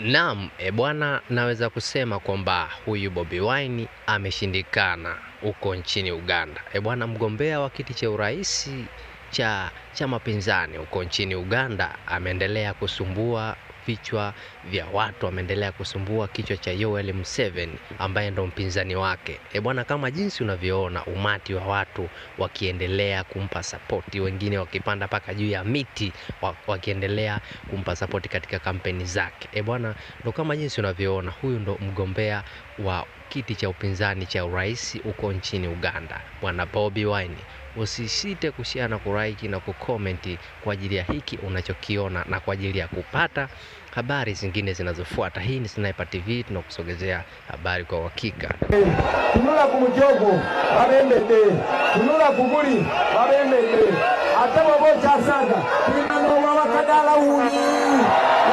Naam, e bwana, naweza kusema kwamba huyu Bobi Wine ameshindikana huko nchini Uganda. E bwana, mgombea wa kiti cha urais cha chama pinzani huko nchini Uganda ameendelea kusumbua vichwa vya watu, ameendelea kusumbua kichwa cha Yoweri Museveni ambaye ndo mpinzani wake. E bwana, kama jinsi unavyoona umati wa watu wakiendelea kumpa sapoti, wengine wakipanda mpaka juu ya miti wakiendelea kumpa sapoti katika kampeni zake. E bwana, ndo kama jinsi unavyoona huyu ndo mgombea wa kiti cha upinzani cha urais huko nchini Uganda, bwana Bobi Wine usisite kushare na kulike na kukomenti kwa ajili ya hiki unachokiona na kwa ajili ya kupata habari zingine zinazofuata. Hii ni Sniper TV, tunakusogezea habari kwa uhakika. tunula kumujogo babembete tunula kumuli babembete ate bobo chasanga inanowawakadala uli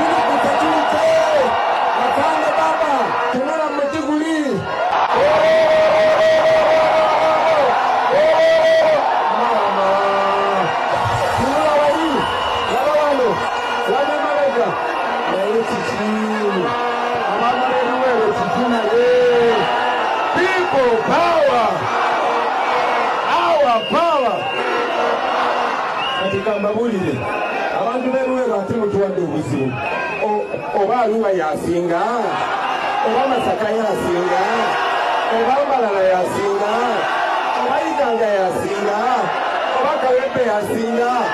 ili People power! Our power! kati kambabulire abantu b'eruweero ate mutuwadde obuzibu oba aluwa yasinga oba masaka yasinga oba mbalala yasinga oba iganga yasinga oba kawempe yasinga